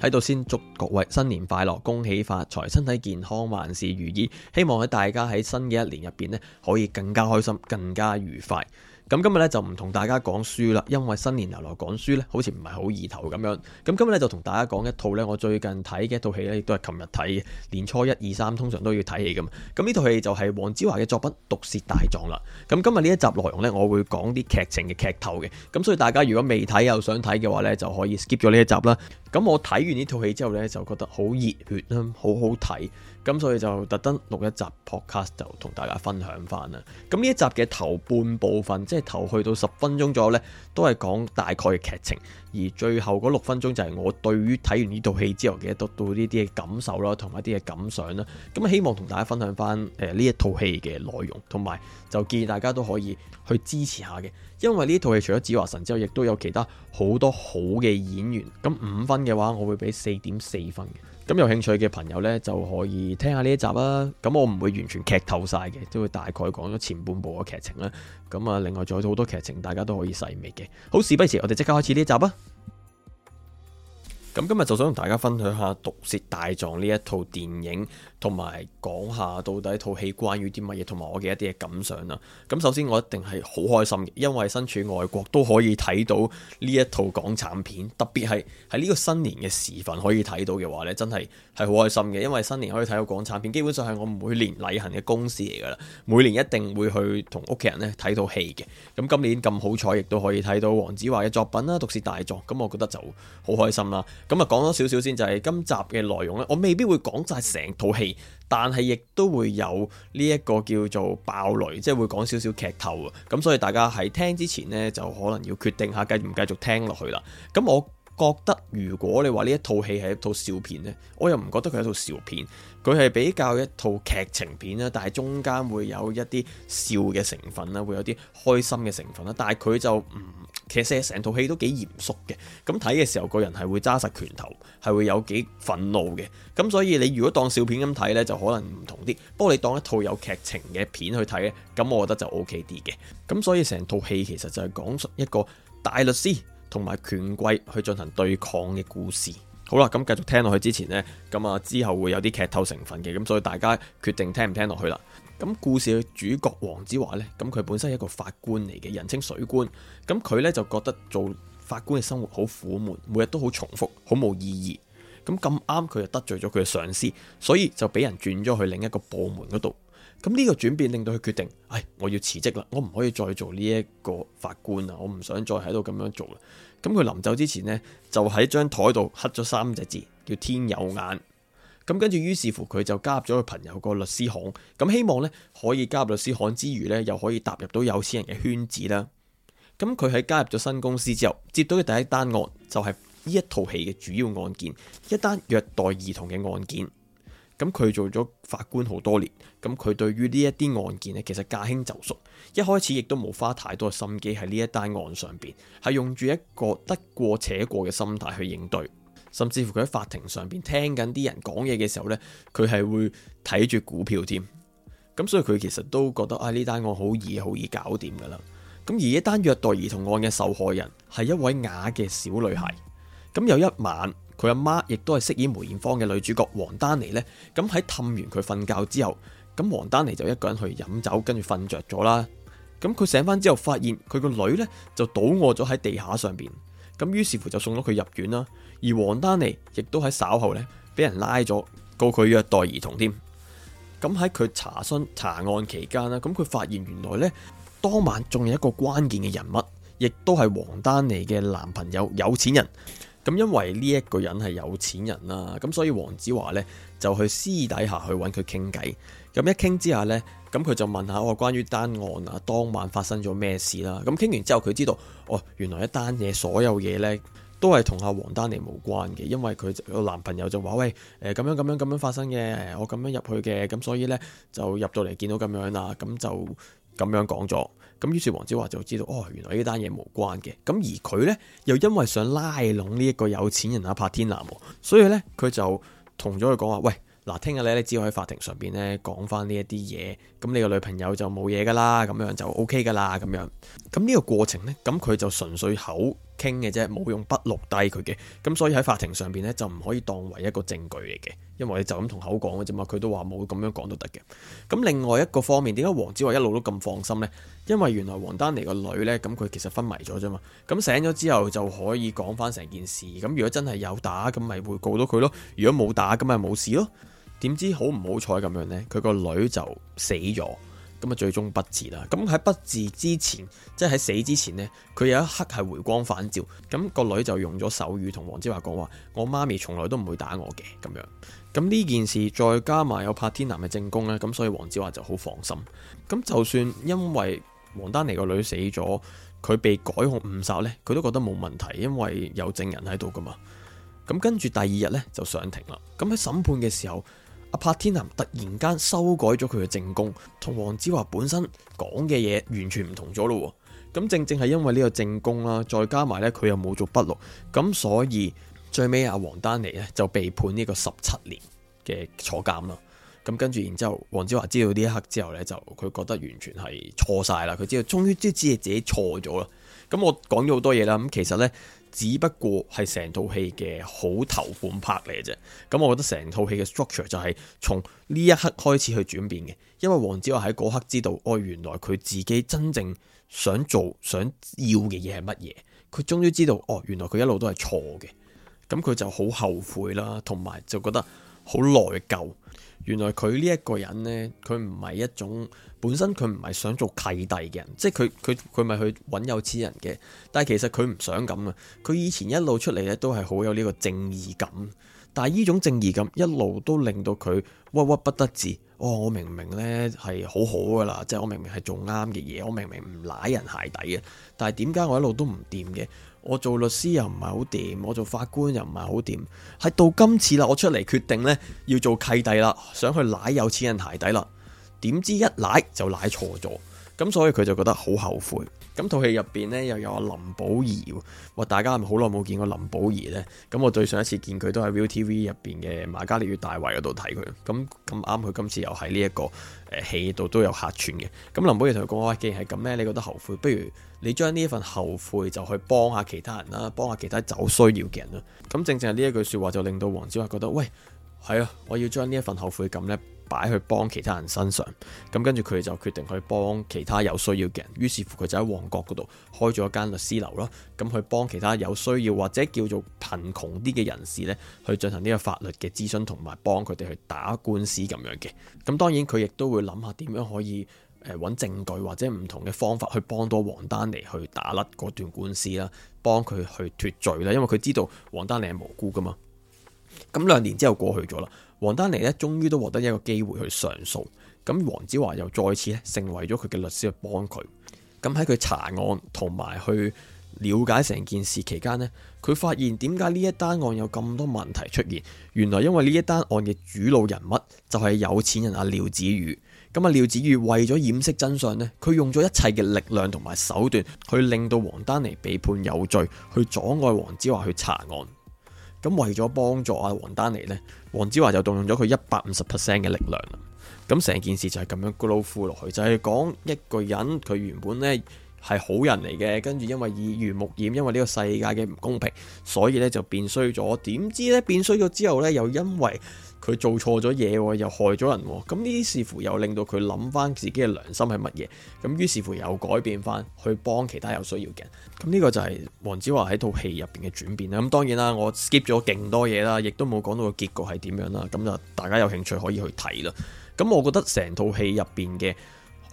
喺度先祝各位新年快樂，恭喜發財，身體健康，萬事如意。希望喺大家喺新嘅一年入邊咧，可以更加開心，更加愉快。咁今日咧就唔同大家講書啦，因為新年流流講書咧，好似唔係好意頭咁樣。咁今日咧就同大家講一套咧，我最近睇嘅一套戲咧，亦都係琴日睇嘅。年初一、二、三通常都要睇戲噶嘛。咁呢套戲就係黃子華嘅作品《毒舌大狀》啦。咁今日呢一集內容咧，我會講啲劇情嘅劇透嘅。咁所以大家如果未睇又想睇嘅話咧，就可以 skip 咗呢一集啦。咁我睇完呢套戲之後咧，就覺得好熱血啦，好好睇。咁所以就特登錄一集 podcast 就同大家分享翻啦。咁呢一集嘅頭半部分，即係頭去到十分鐘左右呢，都係講大概嘅劇情。而最後嗰六分鐘就係我對於睇完呢套戲之後嘅得到呢啲嘅感受啦，同埋一啲嘅感想啦。咁希望同大家分享翻誒呢一套戲嘅內容，同埋就建議大家都可以去支持下嘅，因為呢套戲除咗紫華神之外，亦都有其他好多好嘅演員。咁五分嘅話，我會俾四點四分嘅。咁有興趣嘅朋友呢，就可以聽下呢一集啦。咁我唔會完全劇透晒嘅，都會大概講咗前半部嘅劇情啦。咁啊，另外仲有好多劇情，大家都可以細味嘅。好，事不宜遲，我哋即刻開始呢一集啊！咁今日就想同大家分享下《毒舌大狀》呢一套電影。同埋講下到底套戲關於啲乜嘢，同埋我嘅一啲嘅感想啦。咁首先我一定係好開心，因為身處外國都可以睇到呢一套港產片，特別係喺呢個新年嘅時份可以睇到嘅話呢，真係係好開心嘅，因為新年可以睇到港產片，基本上係我每年例行嘅公事嚟噶啦。每年一定會去同屋企人呢睇套戲嘅。咁今年咁好彩，亦都可以睇到黃子華嘅作品啦，《毒舌大狀》。咁我覺得就好開心啦。咁啊講多少少先，就係今集嘅內容呢，我未必會講晒成套戲。但係亦都會有呢一個叫做爆雷，即係會講少少劇透啊。咁所以大家喺聽之前呢，就可能要決定下繼續唔繼續聽落去啦。咁我覺得如果你話呢一套戲係一套笑片呢，我又唔覺得佢係一套笑片，佢係比較一套劇情片啦。但係中間會有一啲笑嘅成分啦，會有啲開心嘅成分啦。但係佢就唔。嗯其實成套戲都幾嚴肅嘅，咁睇嘅時候個人係會揸實拳頭，係會有幾憤怒嘅，咁所以你如果當笑片咁睇呢，就可能唔同啲。不過你當一套有劇情嘅片去睇呢，咁我覺得就 OK 啲嘅。咁所以成套戲其實就係講述一個大律師同埋權貴去進行對抗嘅故事。好啦，咁繼續聽落去之前呢，咁啊之後會有啲劇透成分嘅，咁所以大家決定聽唔聽落去啦。咁故事嘅主角王子華呢，咁佢本身係一個法官嚟嘅，人稱水官。咁佢呢，就覺得做法官嘅生活好苦悶，每日都好重複，好冇意義。咁咁啱佢就得罪咗佢嘅上司，所以就俾人轉咗去另一個部門嗰度。咁呢個轉變令到佢決定，唉，我要辭職啦，我唔可以再做呢一個法官啦，我唔想再喺度咁樣做啦。咁佢臨走之前呢，就喺張台度刻咗三隻字，叫天有眼。咁跟住，於是乎佢就加入咗佢朋友個律師行，咁希望咧可以加入律師行之餘咧，又可以踏入到有錢人嘅圈子啦。咁佢喺加入咗新公司之後，接到嘅第一單案就係呢一套戲嘅主要案件，一單虐待兒童嘅案件。咁佢做咗法官好多年，咁佢對於呢一啲案件呢，其實駕輕就熟。一開始亦都冇花太多嘅心機喺呢一單案上邊，係用住一個得過且過嘅心態去應對。甚至乎佢喺法庭上邊聽緊啲人講嘢嘅時候呢，佢係會睇住股票添。咁所以佢其實都覺得啊，呢單案好易好易搞掂噶啦咁而呢單虐待兒童案嘅受害人係一位啞嘅小女孩。咁有一晚佢阿媽亦都係飾演梅艷芳嘅女主角王丹妮呢，咁喺氹完佢瞓覺之後，咁王丹妮就一個人去飲酒，跟住瞓着咗啦。咁佢醒翻之後，發現佢個女呢，就倒臥咗喺地下上邊。咁於是乎就送咗佢入院啦。而王丹妮亦都喺稍後呢，俾人拉咗，告佢虐待兒童添。咁喺佢查詢查案期間啦，咁佢發現原來呢，當晚仲有一個關鍵嘅人物，亦都係王丹妮嘅男朋友，有錢人。咁因為呢一個人係有錢人啦，咁所以黃子華呢，就去私底下去揾佢傾偈。咁一傾之下呢，咁佢就問下我關於單案啊，當晚發生咗咩事啦？咁傾完之後佢知道，哦，原來一單嘢所有嘢呢。都係同阿王丹妮無關嘅，因為佢個男朋友就話喂，誒、呃、咁樣咁樣咁樣發生嘅，我咁樣入去嘅，咁所以呢，就入到嚟見到咁樣啦，咁、嗯、就咁樣講咗。咁於是黃子華就知道哦，原來呢單嘢無關嘅。咁而佢呢，又因為想拉攏呢一個有錢人啊，柏天男，所以呢，佢就同咗佢講話喂，嗱聽日呢你只可喺法庭上邊呢講翻呢一啲嘢，咁你個女朋友就冇嘢噶啦，咁樣就 OK 噶啦，咁樣。咁呢個過程呢，咁佢就純粹口傾嘅啫，冇用筆錄低佢嘅，咁所以喺法庭上邊呢，就唔可以當為一個證據嚟嘅，因為你就咁同口講嘅啫嘛，佢都話冇咁樣講都得嘅。咁另外一個方面，點解黃子華一路都咁放心呢？因為原來王丹妮個女呢，咁佢其實昏迷咗啫嘛，咁醒咗之後就可以講返成件事。咁如果真係有打咁，咪會告到佢咯；如果冇打咁，咪冇事咯。點知好唔好彩咁樣呢，佢個女就死咗。咁啊，最終不治啦。咁喺不治之前，即係喺死之前呢，佢有一刻係回光返照。咁、那個女就用咗手語同黃子華講話：，我媽咪從來都唔會打我嘅。咁樣。咁呢件事再加埋有拍天男嘅證供呢，咁所以黃子華就好放心。咁就算因為王丹妮個女死咗，佢被改控誤殺呢，佢都覺得冇問題，因為有證人喺度噶嘛。咁跟住第二日呢，就上庭啦。咁喺審判嘅時候。柏天林突然間修改咗佢嘅證供，同黃子華本身講嘅嘢完全唔同咗咯。咁正正係因為呢個證供啦，再加埋咧佢又冇做筆錄，咁所以最尾阿黃丹妮咧就被判呢個十七年嘅坐監啦。咁跟住，然後之後黃子華知道呢一刻之後咧，就佢覺得完全係錯晒啦。佢知道終於知係自己錯咗啦。咁我講咗好多嘢啦。咁其實咧。只不過係成套戲嘅好頭半拍嚟嘅啫，咁我覺得成套戲嘅 structure 就係從呢一刻開始去轉變嘅，因為黃子華喺嗰刻知道，哦，原來佢自己真正想做、想要嘅嘢係乜嘢，佢終於知道，哦，原來佢一路都係錯嘅，咁佢就好後悔啦，同埋就覺得好內疚，原來佢呢一個人呢，佢唔係一種。本身佢唔係想做契弟嘅人，即係佢佢佢咪去揾有錢人嘅。但係其實佢唔想咁啊！佢以前一路出嚟咧都係好有呢個正義感，但係呢種正義感一路都令到佢鬱鬱不得志。哦，我明明呢係好好噶啦，即係我明明係做啱嘅嘢，我明明唔舐人鞋底嘅，但係點解我一路都唔掂嘅？我做律師又唔係好掂，我做法官又唔係好掂。喺到今次啦，我出嚟決定呢要做契弟啦，想去舐有錢人鞋底啦。點知一奶就奶錯咗，咁所以佢就覺得好後悔。咁套戲入邊呢，又有阿林保怡喎，哇，大家係咪好耐冇見過林保怡呢？咁我最上一次見佢都喺 Viu TV 入邊嘅《瑪嘉烈與大衛》嗰度睇佢。咁咁啱佢今次又喺呢一個誒、呃、戲度都有客串嘅。咁林保怡同佢講話，既然係咁呢，你覺得後悔，不如你將呢一份後悔就去幫下其他人啦，幫下其他走需要嘅人啦。咁正正係呢一句説話就令到黃子華覺得，喂，係啊，我要將呢一份後悔感呢，擺去幫其他人身上，咁跟住佢就決定去幫其他有需要嘅人。於是乎佢就喺旺角嗰度開咗一間律師樓咯。咁佢幫其他有需要或者叫做貧窮啲嘅人士咧，去進行呢個法律嘅諮詢同埋幫佢哋去打官司咁樣嘅。咁當然佢亦都會諗下點樣可以誒揾、呃、證據或者唔同嘅方法去幫到黃丹妮去打甩嗰段官司啦，幫佢去脫罪啦。因為佢知道黃丹妮係無辜噶嘛。咁兩年之後過去咗啦。王丹妮咧，終於都獲得一個機會去上訴。咁黃子華又再次咧，成為咗佢嘅律師去幫佢。咁喺佢查案同埋去了解成件事期間呢，佢發現點解呢一單案有咁多問題出現？原來因為呢一單案嘅主腦人物就係有錢人阿廖子宇。咁啊，廖子宇為咗掩飾真相呢，佢用咗一切嘅力量同埋手段去令到王丹妮被判有罪，去阻礙黃子華去查案。咁為咗幫助阿王丹妮呢，黃子華就動用咗佢一百五十 percent 嘅力量咁成件事就係咁樣 glow 富落去，就係、是、講一個人佢原本呢係好人嚟嘅，跟住因為耳濡目染，因為呢個世界嘅唔公平，所以呢就變衰咗。點知呢？變衰咗之後呢，又因為。佢做錯咗嘢，又害咗人，咁呢啲似乎又令到佢諗翻自己嘅良心係乜嘢，咁於是乎又改變翻去幫其他有需要嘅人，咁、這、呢個就係黃子華喺套戲入邊嘅轉變啦。咁當然啦，我 skip 咗勁多嘢啦，亦都冇講到個結局係點樣啦，咁就大家有興趣可以去睇啦。咁我覺得成套戲入邊嘅。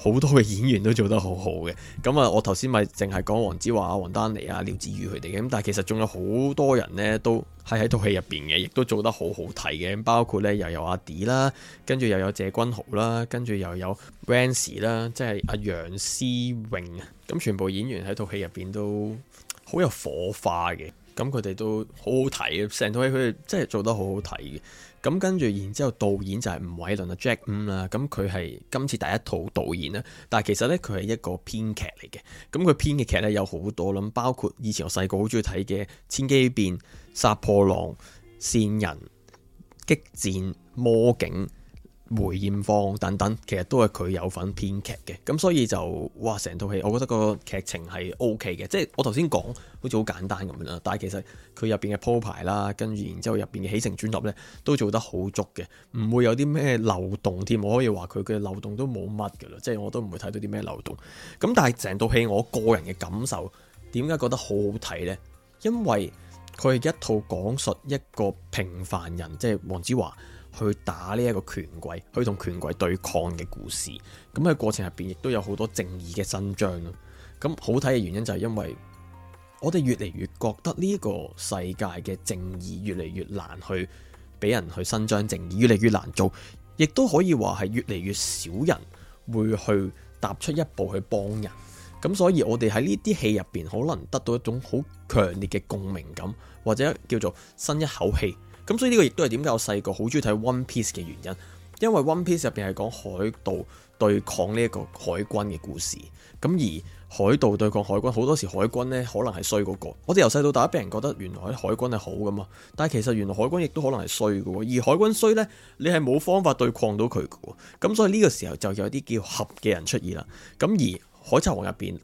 好多嘅演員都做得好好嘅，咁啊，我頭先咪淨係講黃子華、阿黃丹妮、阿廖子宇佢哋嘅，咁但係其實仲有好多人呢，都係喺套戲入邊嘅，亦都做得好好睇嘅，包括呢，又有阿迪啦，跟住又有謝君豪啦，跟住又有 Rance 啦，即係阿楊思穎啊，咁全部演員喺套戲入邊都好有火花嘅，咁佢哋都好好睇，成套戲佢哋真係做得好好睇嘅。咁跟住，然之後導演就係吳偉倫啦，Jack Wu 啦。咁佢係今次第一套導演啦，但係其實呢，佢係一個編劇嚟嘅。咁佢編嘅劇呢，有好多啦，包括以前我細個好中意睇嘅《千機變》、《殺破狼》、《線人》、《激戰》、《魔警》。梅艷芳等等，其實都係佢有份編劇嘅，咁所以就，哇成套戲，我覺得個劇情係 OK 嘅，即係我頭先講好似好簡單咁樣啦，但係其實佢入邊嘅鋪排啦，跟住然之後入邊嘅起承轉合呢，都做得好足嘅，唔會有啲咩漏洞添，我可以話佢嘅漏洞都冇乜㗎喇，即係我都唔會睇到啲咩漏洞。咁但係成套戲我個人嘅感受，點解覺得好好睇呢？因為佢係一套講述一個平凡人，即係黃子華。去打呢一個權貴，去同權貴對抗嘅故事，咁喺過程入邊亦都有好多正義嘅伸張咯。咁好睇嘅原因就係因為我哋越嚟越覺得呢個世界嘅正義越嚟越難去俾人去伸張，正義越嚟越難做，亦都可以話係越嚟越少人會去踏出一步去幫人。咁所以我哋喺呢啲戲入邊可能得到一種好強烈嘅共鳴感，或者叫做新一口氣。咁所以呢個亦都係點解我細個好中意睇 One Piece 嘅原因，因為 One Piece 入邊係講海盜對抗呢一個海軍嘅故事。咁而海盜對抗海軍，好多時海軍呢可能係衰嗰個。我哋由細到大，俾人覺得原來海軍係好噶嘛，但係其實原來海軍亦都可能係衰嘅。而海軍衰呢，你係冇方法對抗到佢嘅。咁所以呢個時候就有啲叫俠嘅人出現啦。咁而海賊王入邊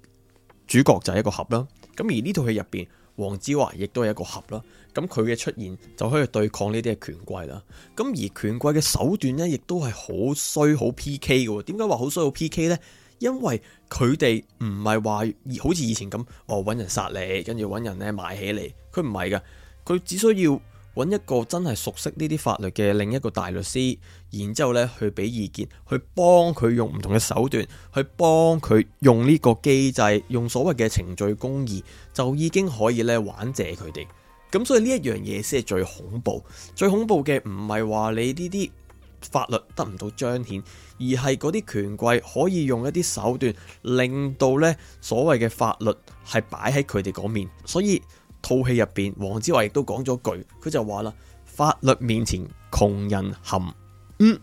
主角就係一個俠啦。咁而呢套戲入邊。黃子華亦都係一個俠啦，咁佢嘅出現就可以對抗呢啲嘅權貴啦。咁而權貴嘅手段呢，亦都係好衰好 P K 嘅。點解話好衰好 P K 呢？因為佢哋唔係話好似以前咁，哦揾，人殺你，跟住揾人咧買起你。佢唔係噶，佢只需要。揾一個真係熟悉呢啲法律嘅另一個大律師，然之後呢去俾意見，去幫佢用唔同嘅手段，去幫佢用呢個機製，用所謂嘅程序公義，就已經可以呢玩借佢哋。咁所以呢一樣嘢先係最恐怖，最恐怖嘅唔係話你呢啲法律得唔到彰顯，而係嗰啲權貴可以用一啲手段，令到呢所謂嘅法律係擺喺佢哋嗰面，所以。套戲入邊，黃子華亦都講咗句，佢就話啦：法律面前窮人含。嗯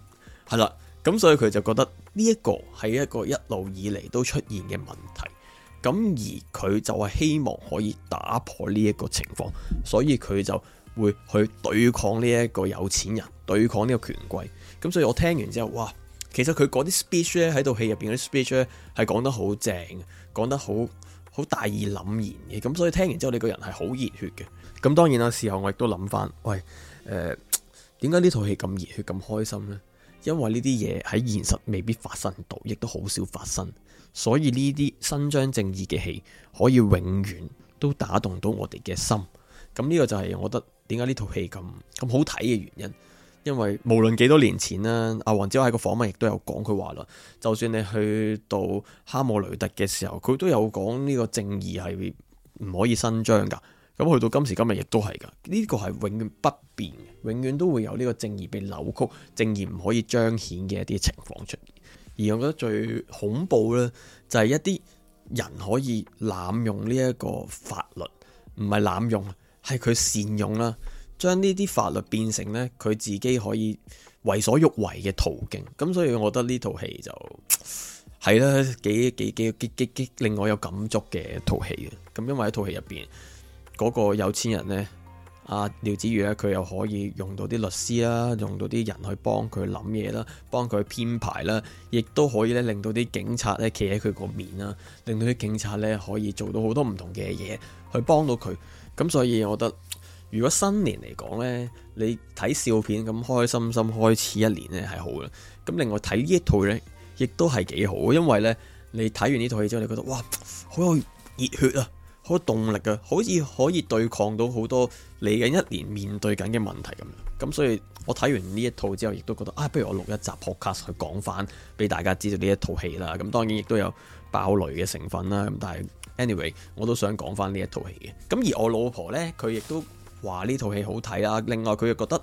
係啦，咁所以佢就覺得呢一個係一個一路以嚟都出現嘅問題，咁而佢就係希望可以打破呢一個情況，所以佢就會去對抗呢一個有錢人，對抗呢個權貴。咁所以我聽完之後，哇，其實佢嗰啲 speech 咧喺套戲入邊嗰啲 speech 咧係講得好正，講得好。好大義凜然嘅，咁所以聽完之後你個人係好熱血嘅。咁當然啦，事後我亦都諗翻，喂，誒、呃，點解呢套戲咁熱血咁開心呢？因為呢啲嘢喺現實未必發生到，亦都好少發生，所以呢啲伸張正義嘅戲可以永遠都打動到我哋嘅心。咁呢個就係我覺得點解呢套戲咁咁好睇嘅原因。因為無論幾多年前啦，阿黃子華喺個訪問亦都有講，佢話啦，就算你去到哈姆雷特嘅時候，佢都有講呢個正義係唔可以伸張噶。咁去到今時今日亦都係噶，呢個係永遠不變嘅，永遠都會有呢個正義被扭曲、正義唔可以彰顯嘅一啲情況出現。而我覺得最恐怖咧，就係一啲人可以濫用呢一個法律，唔係濫用，係佢善用啦。將呢啲法律變成呢，佢自己可以為所欲為嘅途徑，咁所以我覺得呢套戲就係咧幾幾幾幾幾幾令我有感觸嘅套戲嘅，咁因為喺套戲入邊嗰個有錢人呢，阿、啊、廖子瑜呢，佢又可以用到啲律師啦，用到啲人去幫佢諗嘢啦，幫佢編排啦，亦都可以呢令到啲警察呢企喺佢個面啦，令到啲警察呢可以做到好多唔同嘅嘢去幫到佢，咁所以我覺得。如果新年嚟講呢，你睇笑片咁開心心開始一年呢係好嘅。咁另外睇呢一套呢，亦都係幾好，因為呢，你睇完呢套戲之後，你覺得哇，好有熱血啊，好有動力啊，好似可以對抗到好多你嚟緊一年面對緊嘅問題咁。咁所以我睇完呢一套之後，亦都覺得啊，不如我錄一集 podcast 去講翻俾大家知道呢一套戲啦。咁當然亦都有爆雷嘅成分啦。咁但係 anyway，我都想講翻呢一套戲嘅。咁而我老婆呢，佢亦都。話呢套戲好睇啊。另外佢又覺得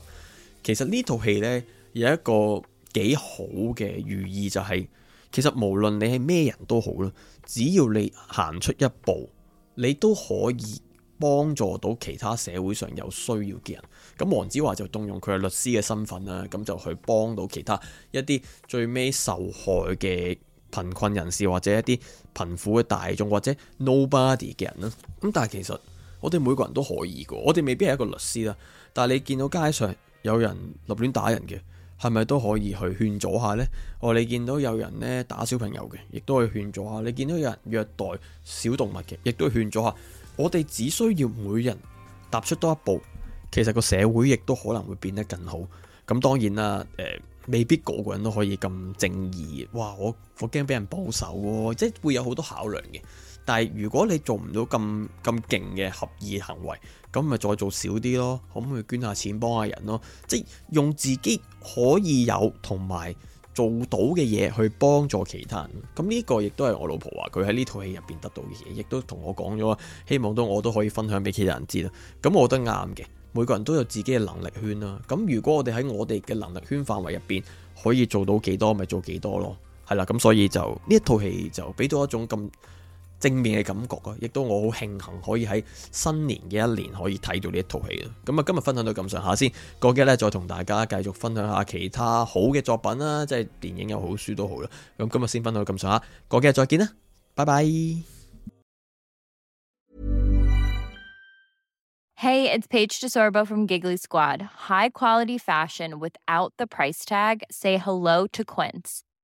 其實呢套戲呢有一個幾好嘅寓意，就係其實無論你係咩人都好啦，只要你行出一步，你都可以幫助到其他社會上有需要嘅人。咁黃子華就動用佢嘅律師嘅身份啦，咁就去幫到其他一啲最尾受害嘅貧困人士或者一啲貧苦嘅大眾或者 nobody 嘅人啦。咁但係其實。我哋每個人都可以嘅，我哋未必係一個律師啦。但係你見到街上有人立亂打人嘅，係咪都可以去勸阻下呢？我你見到有人呢打小朋友嘅，亦都去勸阻下。你見到有人虐待小動物嘅，亦都去勸阻下。我哋只需要每人踏出多一步，其實個社會亦都可能會變得更好。咁當然啦，誒、呃，未必個個人都可以咁正義。哇，我我驚俾人保守喎，即係會有好多考量嘅。但係如果你做唔到咁咁勁嘅合意行為，咁咪再做少啲咯，可唔可以捐下錢幫下人咯？即係用自己可以有同埋做到嘅嘢，去幫助其他人。咁呢個亦都係我老婆話佢喺呢套戲入邊得到嘅嘢，亦都同我講咗，希望都我都可以分享俾其他人知啦。咁我覺得啱嘅，每個人都有自己嘅能力圈啦。咁如果我哋喺我哋嘅能力圈範圍入邊可以做到幾多，咪做幾多咯。係啦，咁所以就呢一套戲就俾到一種咁。正面嘅感覺嘅，亦都我好慶幸可以喺新年嘅一年可以睇到呢一套戲啦。咁啊，今日分享到咁上下先，過幾日咧，再同大家繼續分享下其他好嘅作品啦，即係電影又好，好，書都好啦。咁今日先分享到咁上下，過幾日再見啦，拜拜。Hey, it's Paige Desorbo from Giggly Squad. High quality fashion without the price tag. Say hello to Quince.